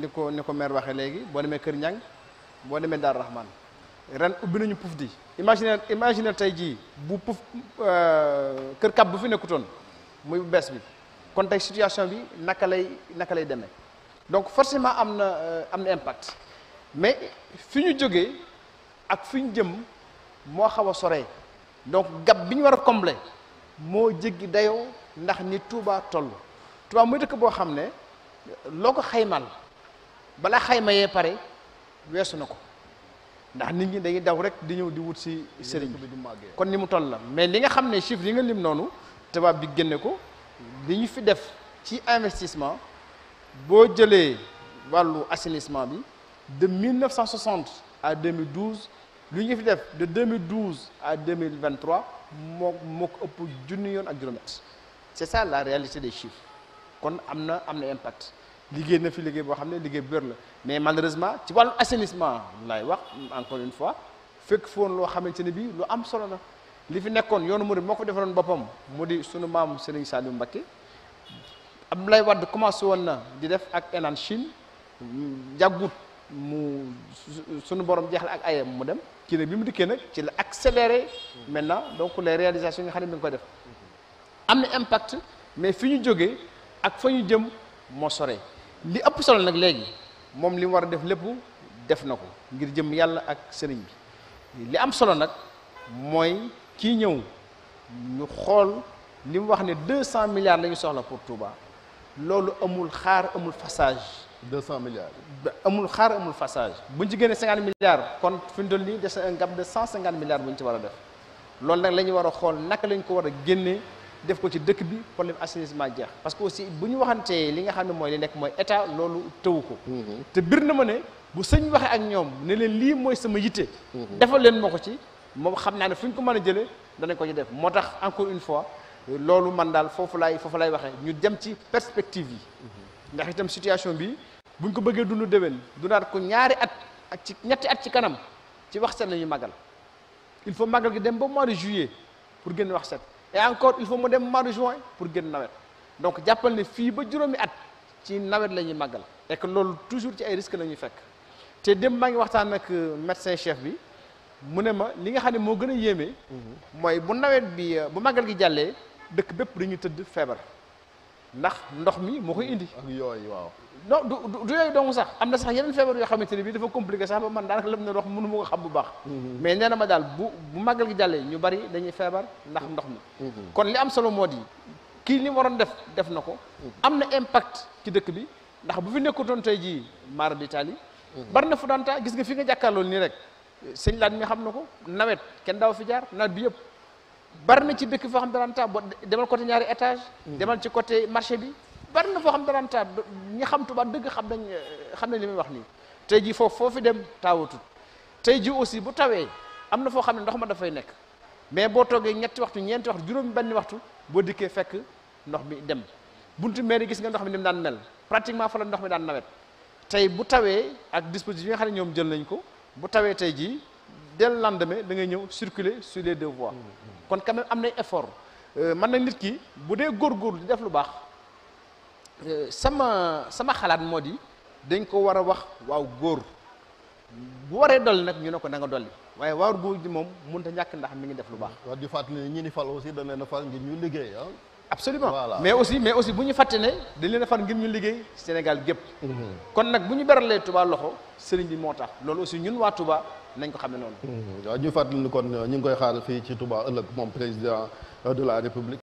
li ko ni ko maire waxee léegi boo demee Kër Ñang boo demee Dar Rahman ren ubbi nañu puf di imaginer imaginer tey jii bu puf euh, kër kab bu fi nekkutoon muy bu bees bi kon tey situation bi naka lay naka lay demee donc forcément am na euh, am impact mais fi ñu jógee ak fi ñu jëm moo xaw a soree donc gab bi ñu war a combler moo jéggi dayoo ndax ni Touba toll Touba muy dëkk boo xam ne loo ko xaymal bala xayma yee pare weesu na ko ndax nit ñi dañuy daw rek di ñëw di wut si sëriñ bi kon ni mu toll la mais li nga xam ne chiffre yi nga lim noonu tubaab bi génne ko li ñu fi def ci investissement boo jëlee wàllu assainissement bi de 1960 à 2012 lu ñu fi def de a à 2023 moo moo ko ëpp junni yoon ak juróom-ñett c'est ça la réalité des chiffres kon am na am na impact liggéey na fi liggéey boo xam ne liggéey bu wér la mais malheureusement ci wàllu assainissement laay wax encore une fois fekk woon loo xamante ne bii lu am solo la li fi nekkoon yoonu murid moo ko defaloon boppam mu di sunu maam Serigne Saliou Mbacké Abdoulaye Wade commencé woon na di def ak Henan Chine yàggut mu sunu borom jeexal ak ayam mu dem kii nag bi mu dikkee nag ci la accéléré maintenant donc les réalisations yi nga xam ne mi ngi koy def am na impact mais fi ñu jóge ak fa ñu jëm moo sore li ëpp solo nag léegi moom li mu war a def lépp def na ko ngir jëm yàlla ak sëriñ bi li am solo nag mooy kii ñëw ñu xool li mu wax ni deux cent milliards la ñu soxla pour Touba loolu amul xaar amul façage deux cent milliards amul xaar amul façage buñ ci génnee cinquante milliards kon fi ñu toll nii des na un gap de cent cinquante milliards bu ñu ci war a def loolu nag la ñu war a xool naka lañ ko war a génnee def ko ci dëkk bi problème assainissement jeex parce que aussi bu ñu waxantee li nga xam ne mooy li nekk mooy état loolu tëwu ko mhm. te biir na ma ne bu sëñ waxee ak ñoom ne leen lii mooy sama yitte mhm. defal leen ma ko ci moom xam naa ne fu ñu ko mën a jëlee dana ko ci def moo tax encore une fois loolu man daal foofu laay foofu lay waxee ñu dem ci perspective yi mhm. ndax itam situation bi buñ ko bëggee dund déwén dundaat ko ñaari at ak ci ñetti at ci kanam ci wax set la ñuy magal il faut magal gi dem ba mois de juillet pour génn wax set et encore il faut mu dem mois de pour génn nawet donc jàppal ne fii ba juróomi at ci nawet la ñuy màggal et loolu toujours ci ay risques la ñuy fekk te dem maa ngi waxtaan ak euh, médecin chef bi mu ne ma li nga xam ne moo gën a yéeme. Mhm. mooy bu nawet bi euh, bu màggal gi jàllee dëkk bépp dañuy tëdd feebar. ndax ndox mi moo koy indi. ak yooyu waaw. non du du yooyu dong sax am na sax yeneen feebar yoo xamante ne bii dafa compliqué sax ba man daanaka lam na wax mënu xam bu baax. Mhm. mais nee na ma daal bu bu màggal gi jàllee ñu bari dañuy feebar ndax ndox mi. Mhm. kon li am solo moo di kii li mu waroon def def na ko. Mhm. am na impact ci dëkk bi ndax bu fi nekkutoon tey jii mara d'Italie. bari na fu daan taa gis nga fi nga jàkkaarloo nii rek. sëñ laat mi xam na ko nawet kenn daaw fi jaar nawet bi yëpp. bari na ci dëkk foo xam daan taa boo demal coté ñaari étage hmm. demal ci côté marché bi bari na foo xam daan taa ñi xam tubaat dëgg xam nañ eh, xam nañ li may wax nii tey jii foofu foofu dem taawatut tey ji aussi bu tawee am na foo xam ne ndox ma dafay nekk mais boo toogee ñetti waxtu ñeenti waxtu juróom benni waxtu boo dikkee fekk ndox mi dem buntu mairie gis nga ndox mi ni mu daan mel pratiquement fa la ndox mi daan nawet tey bu tawee ak dispositif yi nga xam ñoom jël nañ ko bu tawee tey jii dès le lendemain da ngay ñëw circuler sur les deux voies hmm, hmm. kon quand am nañ effort euh, man nag nit ki bu dee góorgóorlu di def lu baax euh, sama sama xalaat moo di dañ ko war a wax waaw góor bu waree dolli nag ñu ne ko na nga dolli waaye waaw góor ji moom mënut a ñàkk ndax mi ngi def lu baax. waaw di fàttali ne ñi ni fal aussi dañ leen a fal ngir ñu liggéey ah. absolument mais aussi mais aussi bu ñu fàtte ne dañ leen a far ngir ñu liggéey Sénégal gépp mhm. kon nag bu ñu beralee Touba loxo sëriñ bi moo tax loolu aussi ñun waa Touba nañ ko xam ne noonu mhm. waaw ñu fàttali ni kon ñu ngi koy xaar fii ci Touba ëllëg moom président de la République